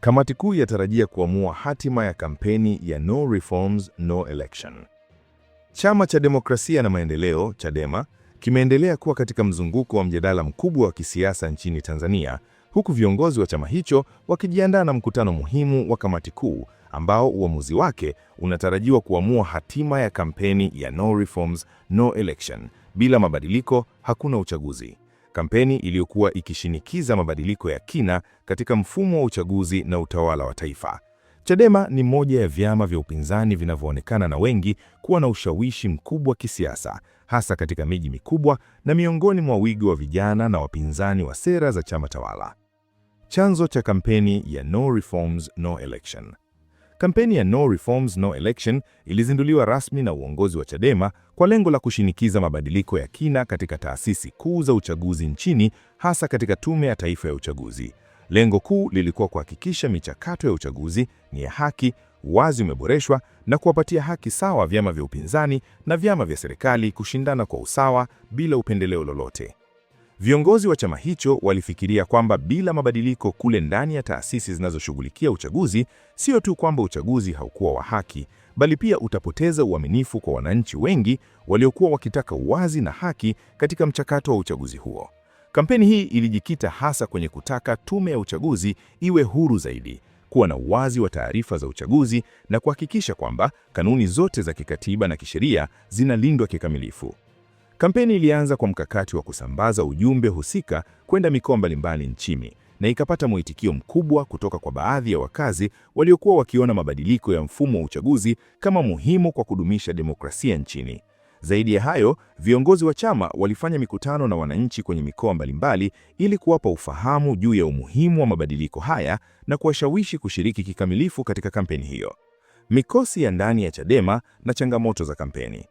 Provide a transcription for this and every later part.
Kamati kuu yatarajia kuamua hatima ya kampeni ya No Reforms, No Election. Chama cha Demokrasia na Maendeleo, Chadema, kimeendelea kuwa katika mzunguko wa mjadala mkubwa wa kisiasa nchini Tanzania, huku viongozi wa chama hicho wakijiandaa na mkutano muhimu wa kamati kuu ambao uamuzi wake unatarajiwa kuamua hatima ya kampeni ya No Reforms, No Election, bila mabadiliko hakuna uchaguzi kampeni iliyokuwa ikishinikiza mabadiliko ya kina katika mfumo wa uchaguzi na utawala wa taifa. Chadema ni moja ya vyama vya upinzani vinavyoonekana na wengi kuwa na ushawishi mkubwa kisiasa, hasa katika miji mikubwa na miongoni mwa wigo wa vijana na wapinzani wa sera za chama tawala. Chanzo cha kampeni ya No Reforms, No Election. Kampeni ya No Reforms, No Election ilizinduliwa rasmi na uongozi wa Chadema kwa lengo la kushinikiza mabadiliko ya kina katika taasisi kuu za uchaguzi nchini, hasa katika Tume ya Taifa ya Uchaguzi. Lengo kuu lilikuwa kuhakikisha michakato ya uchaguzi ni ya haki, uwazi umeboreshwa na kuwapatia haki sawa vyama vya upinzani na vyama vya serikali kushindana kwa usawa bila upendeleo lolote. Viongozi wa chama hicho walifikiria kwamba bila mabadiliko kule ndani ya taasisi zinazoshughulikia uchaguzi, sio tu kwamba uchaguzi haukuwa wa haki, bali pia utapoteza uaminifu kwa wananchi wengi waliokuwa wakitaka uwazi na haki katika mchakato wa uchaguzi huo. Kampeni hii ilijikita hasa kwenye kutaka tume ya uchaguzi iwe huru zaidi, kuwa na uwazi wa taarifa za uchaguzi na kuhakikisha kwamba kanuni zote za kikatiba na kisheria zinalindwa kikamilifu. Kampeni ilianza kwa mkakati wa kusambaza ujumbe husika kwenda mikoa mbalimbali nchini na ikapata mwitikio mkubwa kutoka kwa baadhi ya wakazi waliokuwa wakiona mabadiliko ya mfumo wa uchaguzi kama muhimu kwa kudumisha demokrasia nchini. Zaidi ya hayo, viongozi wa chama walifanya mikutano na wananchi kwenye mikoa mbalimbali ili kuwapa ufahamu juu ya umuhimu wa mabadiliko haya na kuwashawishi kushiriki kikamilifu katika kampeni hiyo. Mikosi ya ndani ya Chadema na changamoto za kampeni.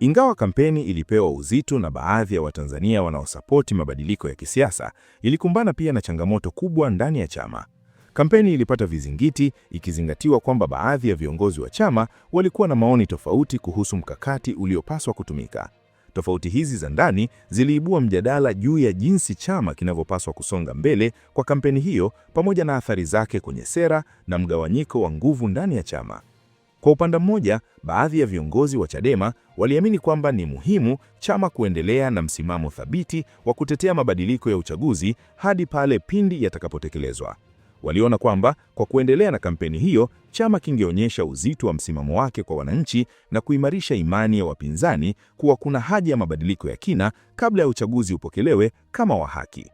Ingawa kampeni ilipewa uzito na baadhi ya Watanzania wanaosapoti mabadiliko ya kisiasa, ilikumbana pia na changamoto kubwa ndani ya chama. Kampeni ilipata vizingiti ikizingatiwa kwamba baadhi ya viongozi wa chama walikuwa na maoni tofauti kuhusu mkakati uliopaswa kutumika. Tofauti hizi za ndani ziliibua mjadala juu ya jinsi chama kinavyopaswa kusonga mbele kwa kampeni hiyo, pamoja na athari zake kwenye sera na mgawanyiko wa nguvu ndani ya chama. Kwa upande mmoja, baadhi ya viongozi wa Chadema waliamini kwamba ni muhimu chama kuendelea na msimamo thabiti wa kutetea mabadiliko ya uchaguzi hadi pale pindi yatakapotekelezwa. Waliona kwamba kwa kuendelea na kampeni hiyo, chama kingeonyesha uzito wa msimamo wake kwa wananchi na kuimarisha imani ya wapinzani kuwa kuna haja ya mabadiliko ya kina kabla ya uchaguzi upokelewe kama wa haki.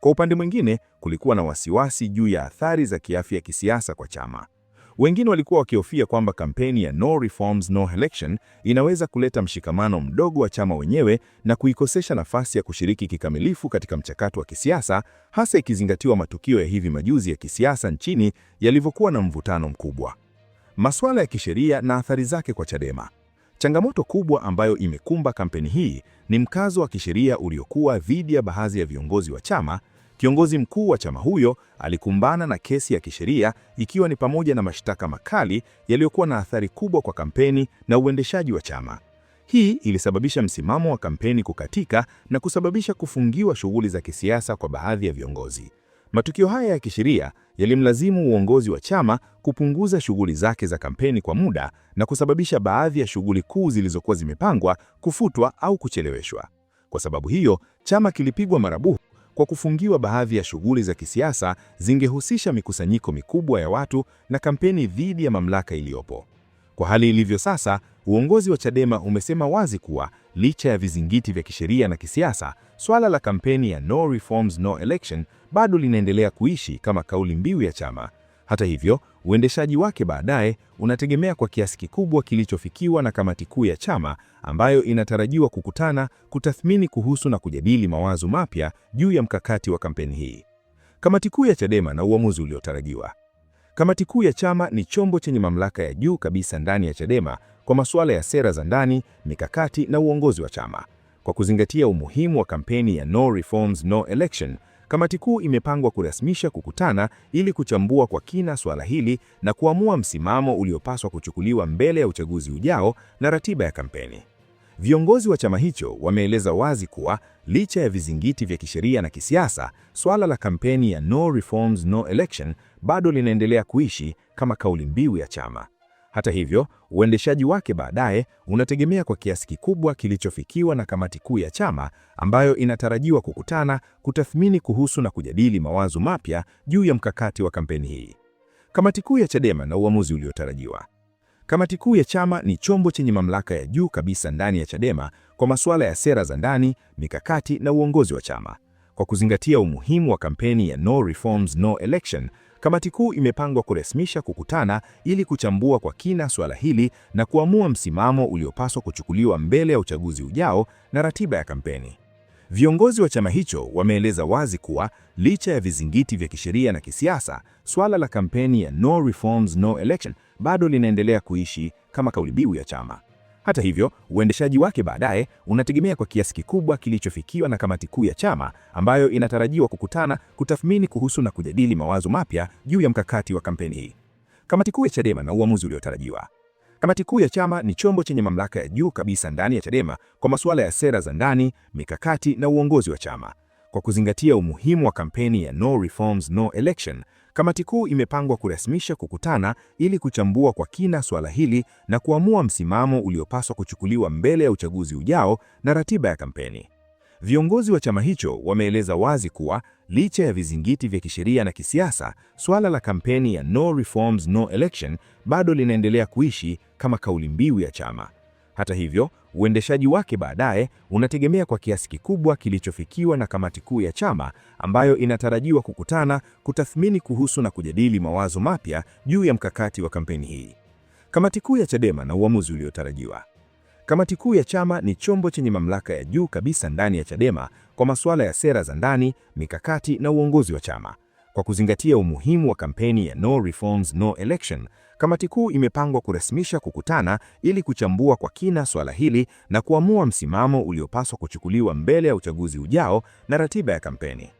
Kwa upande mwingine, kulikuwa na wasiwasi juu ya athari za kiafya kisiasa kwa chama. Wengine walikuwa wakihofia kwamba kampeni ya no reforms no election inaweza kuleta mshikamano mdogo wa chama wenyewe na kuikosesha nafasi ya kushiriki kikamilifu katika mchakato wa kisiasa, hasa ikizingatiwa matukio ya hivi majuzi ya kisiasa nchini yalivyokuwa na mvutano mkubwa. Masuala ya kisheria na athari zake kwa Chadema. Changamoto kubwa ambayo imekumba kampeni hii ni mkazo wa kisheria uliokuwa dhidi ya baadhi ya viongozi wa chama Kiongozi mkuu wa chama huyo alikumbana na kesi ya kisheria ikiwa ni pamoja na mashtaka makali yaliyokuwa na athari kubwa kwa kampeni na uendeshaji wa chama. Hii ilisababisha msimamo wa kampeni kukatika na kusababisha kufungiwa shughuli za kisiasa kwa baadhi ya viongozi. Matukio haya ya kisheria yalimlazimu uongozi wa chama kupunguza shughuli zake za kampeni kwa muda na kusababisha baadhi ya shughuli kuu zilizokuwa zimepangwa kufutwa au kucheleweshwa. Kwa sababu hiyo, chama kilipigwa marabuhu kwa kufungiwa baadhi ya shughuli za kisiasa zingehusisha mikusanyiko mikubwa ya watu na kampeni dhidi ya mamlaka iliyopo. Kwa hali ilivyo sasa, uongozi wa Chadema umesema wazi kuwa licha ya vizingiti vya kisheria na kisiasa, swala la kampeni ya no reforms no election bado linaendelea kuishi kama kauli mbiu ya chama. Hata hivyo Uendeshaji wake baadaye unategemea kwa kiasi kikubwa kilichofikiwa na kamati kuu ya chama ambayo inatarajiwa kukutana kutathmini kuhusu na kujadili mawazo mapya juu ya mkakati wa kampeni hii. Kamati kuu ya Chadema na uamuzi uliotarajiwa. Kamati kuu ya chama ni chombo chenye mamlaka ya juu kabisa ndani ya Chadema kwa masuala ya sera za ndani, mikakati na uongozi wa chama. Kwa kuzingatia umuhimu wa kampeni ya No Reforms, No Election, Kamati kuu imepangwa kurasmisha kukutana ili kuchambua kwa kina suala hili na kuamua msimamo uliopaswa kuchukuliwa mbele ya uchaguzi ujao na ratiba ya kampeni. Viongozi wa chama hicho wameeleza wazi kuwa licha ya vizingiti vya kisheria na kisiasa, suala la kampeni ya no reforms no election bado linaendelea kuishi kama kauli mbiu ya chama. Hata hivyo, uendeshaji wake baadaye unategemea kwa kiasi kikubwa kilichofikiwa na kamati kuu ya chama ambayo inatarajiwa kukutana kutathmini kuhusu na kujadili mawazo mapya juu ya mkakati wa kampeni hii. Kamati kuu ya Chadema na uamuzi uliotarajiwa. Kamati kuu ya chama ni chombo chenye mamlaka ya juu kabisa ndani ya Chadema kwa masuala ya sera za ndani, mikakati na uongozi wa chama. Kwa kuzingatia umuhimu wa kampeni ya No Reforms, No Election, Kamati kuu imepangwa kurasmisha kukutana ili kuchambua kwa kina suala hili na kuamua msimamo uliopaswa kuchukuliwa mbele ya uchaguzi ujao na ratiba ya kampeni. Viongozi wa chama hicho wameeleza wazi kuwa licha ya vizingiti vya kisheria na kisiasa, suala la kampeni ya no reforms, no election bado linaendelea kuishi kama kauli mbiu ya chama. Hata hivyo, uendeshaji wake baadaye unategemea kwa kiasi kikubwa kilichofikiwa na kamati kuu ya chama ambayo inatarajiwa kukutana kutathmini kuhusu na kujadili mawazo mapya juu ya mkakati wa kampeni hii. Kamati kuu ya Chadema na uamuzi uliotarajiwa. Kamati kuu ya chama ni chombo chenye mamlaka ya juu kabisa ndani ya Chadema kwa masuala ya sera za ndani, mikakati na uongozi wa chama. Kwa kuzingatia umuhimu wa kampeni ya No Reforms, No Election, Kamati kuu imepangwa kurasmisha kukutana ili kuchambua kwa kina suala hili na kuamua msimamo uliopaswa kuchukuliwa mbele ya uchaguzi ujao na ratiba ya kampeni. Viongozi wa chama hicho wameeleza wazi kuwa licha ya vizingiti vya kisheria na kisiasa, suala la kampeni ya no reforms, no election bado linaendelea kuishi kama kauli mbiu ya chama. Hata hivyo, Uendeshaji wake baadaye unategemea kwa kiasi kikubwa kilichofikiwa na kamati kuu ya chama ambayo inatarajiwa kukutana kutathmini kuhusu na kujadili mawazo mapya juu ya mkakati wa kampeni hii. Kamati kuu ya Chadema na uamuzi uliotarajiwa. Kamati kuu ya chama ni chombo chenye mamlaka ya juu kabisa ndani ya Chadema kwa masuala ya sera za ndani, mikakati na uongozi wa chama. Kwa kuzingatia umuhimu wa kampeni ya No Reforms, No Election, kamati kuu imepangwa kurasmisha kukutana ili kuchambua kwa kina swala hili na kuamua msimamo uliopaswa kuchukuliwa mbele ya uchaguzi ujao na ratiba ya kampeni.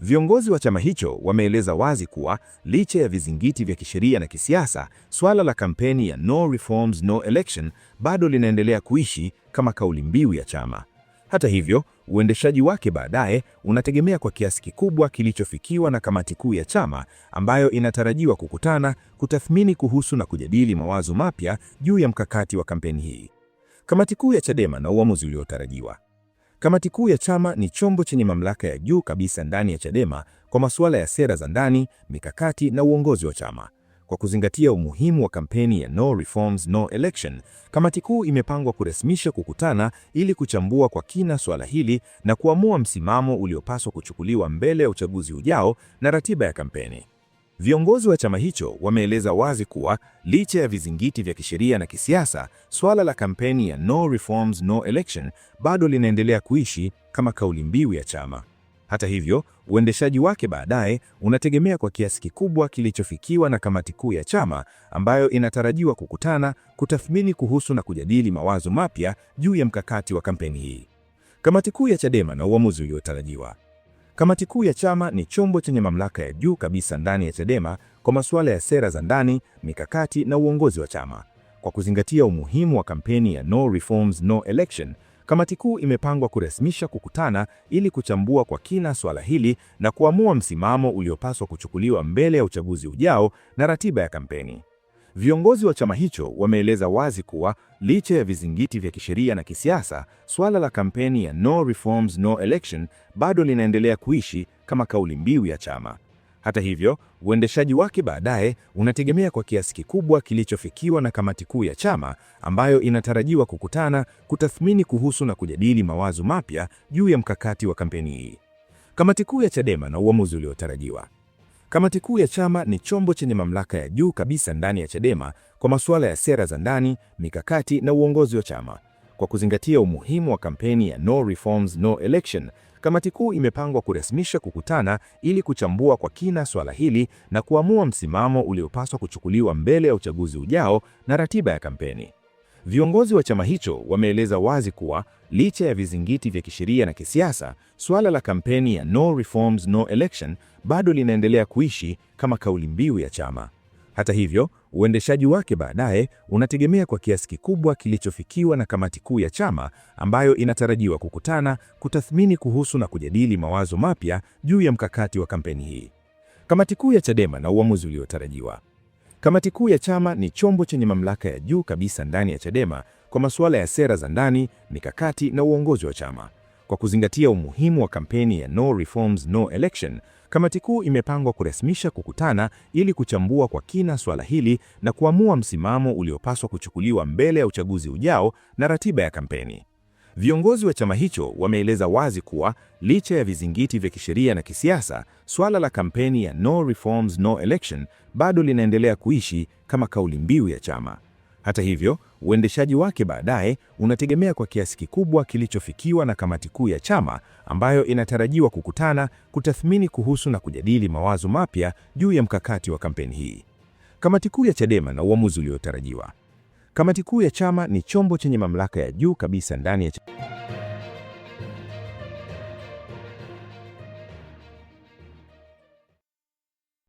Viongozi wa chama hicho wameeleza wazi kuwa licha ya vizingiti vya kisheria na kisiasa, swala la kampeni ya No Reforms, No Election bado linaendelea kuishi kama kauli mbiu ya chama. Hata hivyo, uendeshaji wake baadaye unategemea kwa kiasi kikubwa kilichofikiwa na kamati kuu ya chama ambayo inatarajiwa kukutana kutathmini kuhusu na kujadili mawazo mapya juu ya mkakati wa kampeni hii. Kamati kuu ya Chadema na uamuzi uliotarajiwa. Kamati kuu ya chama ni chombo chenye mamlaka ya juu kabisa ndani ya Chadema kwa masuala ya sera za ndani, mikakati na uongozi wa chama. Kwa kuzingatia umuhimu wa kampeni ya No Reforms, No Election, kamati kuu imepangwa kurasmisha kukutana ili kuchambua kwa kina suala hili na kuamua msimamo uliopaswa kuchukuliwa mbele ya uchaguzi ujao na ratiba ya kampeni. Viongozi wa chama hicho wameeleza wazi kuwa licha ya vizingiti vya kisheria na kisiasa, suala la kampeni ya No Reforms, No Election bado linaendelea kuishi kama kauli mbiu ya chama. Hata hivyo, uendeshaji wake baadaye unategemea kwa kiasi kikubwa kilichofikiwa na kamati kuu ya chama ambayo inatarajiwa kukutana kutathmini kuhusu na kujadili mawazo mapya juu ya mkakati wa kampeni hii. Kamati kuu ya Chadema na uamuzi uliotarajiwa. Kamati kuu ya chama ni chombo chenye mamlaka ya juu kabisa ndani ya Chadema kwa masuala ya sera za ndani, mikakati na uongozi wa chama. Kwa kuzingatia umuhimu wa kampeni ya No Reforms, No Election, Kamati kuu imepangwa kurasmisha kukutana ili kuchambua kwa kina swala hili na kuamua msimamo uliopaswa kuchukuliwa mbele ya uchaguzi ujao na ratiba ya kampeni. Viongozi wa chama hicho wameeleza wazi kuwa licha ya vizingiti vya kisheria na kisiasa, swala la kampeni ya no reforms no election bado linaendelea kuishi kama kauli mbiu ya chama. Hata hivyo, uendeshaji wake baadaye unategemea kwa kiasi kikubwa kilichofikiwa na kamati kuu ya chama ambayo inatarajiwa kukutana kutathmini kuhusu na kujadili mawazo mapya juu ya mkakati wa kampeni hii. Kamati kuu ya Chadema na uamuzi uliotarajiwa. Kamati kuu ya chama ni chombo chenye mamlaka ya juu kabisa ndani ya Chadema kwa masuala ya sera za ndani, mikakati na uongozi wa chama. Kwa kuzingatia umuhimu wa kampeni ya No Reforms, No Election, Kamati kuu imepangwa kurasmisha kukutana ili kuchambua kwa kina swala hili na kuamua msimamo uliopaswa kuchukuliwa mbele ya uchaguzi ujao na ratiba ya kampeni. Viongozi wa chama hicho wameeleza wazi kuwa licha ya vizingiti vya kisheria na kisiasa, suala la kampeni ya No Reforms, No Election bado linaendelea kuishi kama kauli mbiu ya chama. Hata hivyo, Uendeshaji wake baadaye unategemea kwa kiasi kikubwa kilichofikiwa na kamati kuu ya chama ambayo inatarajiwa kukutana kutathmini kuhusu na kujadili mawazo mapya juu ya mkakati wa kampeni hii. Kamati kuu ya Chadema na uamuzi uliotarajiwa. Kamati kuu ya chama ni chombo chenye mamlaka ya juu kabisa ndani ya Chadema kwa masuala ya sera za ndani, mikakati na uongozi wa chama. Kwa kuzingatia umuhimu wa kampeni ya No Reforms, No Election, kamati kuu imepangwa kurasmisha kukutana ili kuchambua kwa kina swala hili na kuamua msimamo uliopaswa kuchukuliwa mbele ya uchaguzi ujao na ratiba ya kampeni. Viongozi wa chama hicho wameeleza wazi kuwa licha ya vizingiti vya kisheria na kisiasa, swala la kampeni ya No Reforms, No Election bado linaendelea kuishi kama kauli mbiu ya chama. Hata hivyo, uendeshaji wake baadaye unategemea kwa kiasi kikubwa kilichofikiwa na kamati kuu ya chama ambayo inatarajiwa kukutana kutathmini kuhusu na kujadili mawazo mapya juu ya mkakati wa kampeni hii. Kamati kuu ya Chadema na uamuzi uliotarajiwa. Kamati kuu ya chama ni chombo chenye mamlaka ya juu kabisa ndani ya chama.